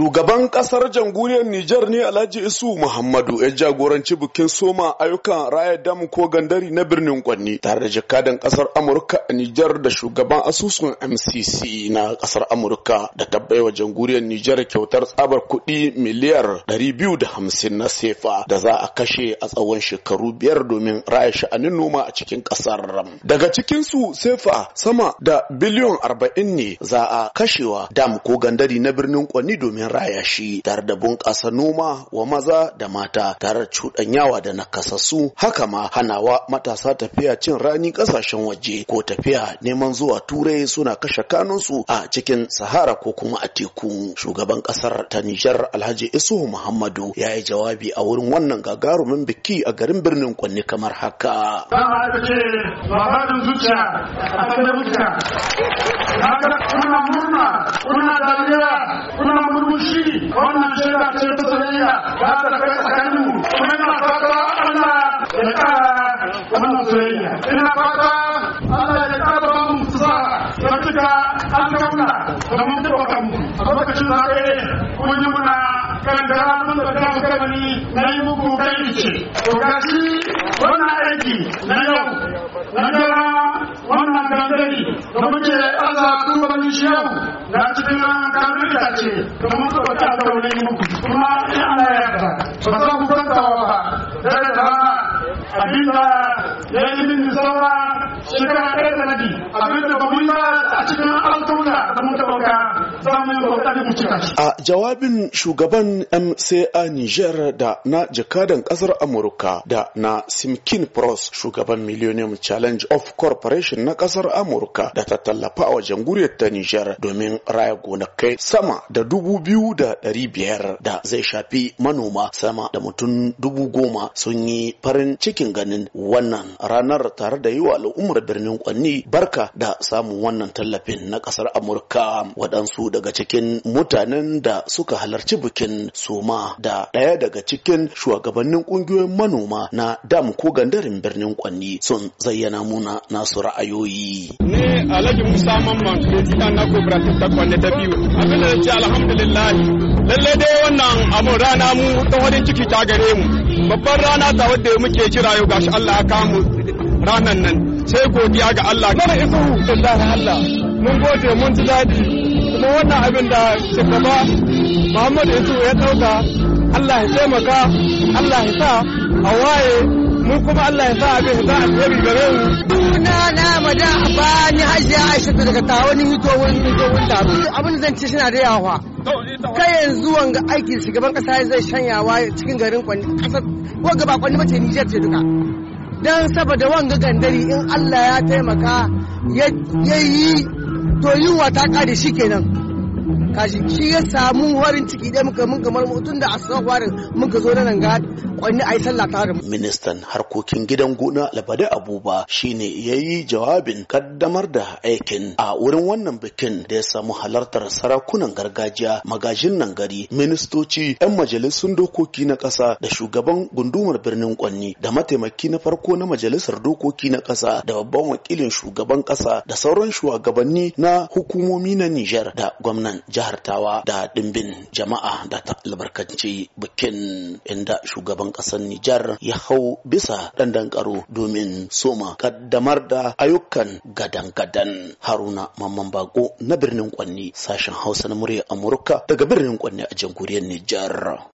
Shugaban kasar jamhuriyar Nijar ne Alhaji Isu Muhammadu ya jagoranci bikin soma ayyukan raya dam ko gandari na birnin Kwanni tare da jakadan kasar Amurka a Nijar da shugaban asusun MCC na kasar Amurka da tabbaiwa jamhuriyar Nijar kyautar tsabar kuɗi miliyar 250 na sefa da za a kashe a tsawon shekaru biyar domin raya sha'anin noma a cikin kasar. Daga cikin su sefa sama da biliyon 40 ne za a kashewa dam ko gandari na birnin Kwanni domin raya shi tare da bunƙasa noma wa maza da mata tare cuɗanyawa da nakasassu haka ma hanawa matasa tafiya cin rani ƙasashen waje ko tafiya neman zuwa turai suna kashe kanunsu a cikin sahara ko kuma a teku shugaban ƙasar ta nijar alhaji isu muhammadu ya yi jawabi a wurin wannan gagarumin biki a garin birnin kwanne kamar haka kuna murna kuna dariya kuna murmushi fushi wannan shaida ce ta soyayya ba ta kai tsakanin mu kuma ina fata Allah ya kara wannan soyayya ina fata Allah ya kara ba mu sa ya cika an kauna da mun taɓa kanmu a lokacin zaɓe kun yi muna kan da ranar da ta muka gani na yi muku kai ce to gashi wannan aiki na yau na kamar suka ta alƙawari ana ba za ba abinda ya yi min saura shekara ɗaya da abinda ba yi a cikin A jawabin shugaban MCA Niger da na jakadan kasar Amurka da na Simkin Pros shugaban Millennium Challenge of Corporation na kasar Amurka da ta tallafa a wajen guriyar ta Niger domin raya gonakai sama da dubu biyu da ɗari biyar da zai shafi manoma sama da mutum dubu goma sun yi farin cikin ganin wannan ranar tare da yi wa al'ummar birnin Kwanni barka da samun wannan tallafin na kasar Amurka. amurka waɗansu daga cikin mutanen da suka halarci bikin suma da ɗaya daga cikin shugabannin ƙungiyoyin manoma na dam ko gandarin birnin kwanni sun zayyana muna nasu ra'ayoyi ne alhaji musa mamman mai na cooperative ta kwanne ta biyu Abin da ce alhamdulillah lallai dai wannan abu rana mu ta wani ciki ta gare mu babban rana ta wadda muke kira yau gashi Allah ya kamu ranan nan sai godiya ga Allah. Mana isu da Allah. mun gode mun ji daɗi kuma wannan abin da shugaba muhammadu isu ya ɗauka allah ya taimaka allah ya sa a waye mu kuma allah ya sa abin ya sa alheri gare mu na mada ba ni hajji aisha ta daga tawo ni mito wani mito wani taro abin zan ci shina da yawa kai yanzu wanga aiki shugaban kasa zai shanyawa cikin garin kwani kasar wanga ba mace ni Nijar ce duka dan saboda wanga gandari in Allah ya taimaka ya yi to yunwa ta kare shi kenan kashi shi ya samu warin ciki dai muka mun kamar mutum da asuwa warin muka zo nan ga kwanni ayi sallah tare ministan harkokin gidan gona labade abuba shine yayi jawabin kaddamar da aikin a wurin wannan bikin da ya samu halartar sarakunan gargajiya magajin nan gari ministoci yan majalisun dokoki na Kasa da shugaban gundumar birnin kwanni da mataimaki na farko na majalisar dokoki na Kasa da babban wakilin shugaban Kasa da sauran shugabanni na hukumomi na Nijar da gwamnan jihar Tawa da dimbin jama'a da ta albarkanci bikin inda shugaban ƙasar Nijar ya hau bisa dandan karo domin soma kaddamar da ayyukan gadan-gadan Haruna Mamman Bako na birnin Kwanni sashen Hausa na murya Amurka daga birnin Kwanni a jamhuriyar Nijar.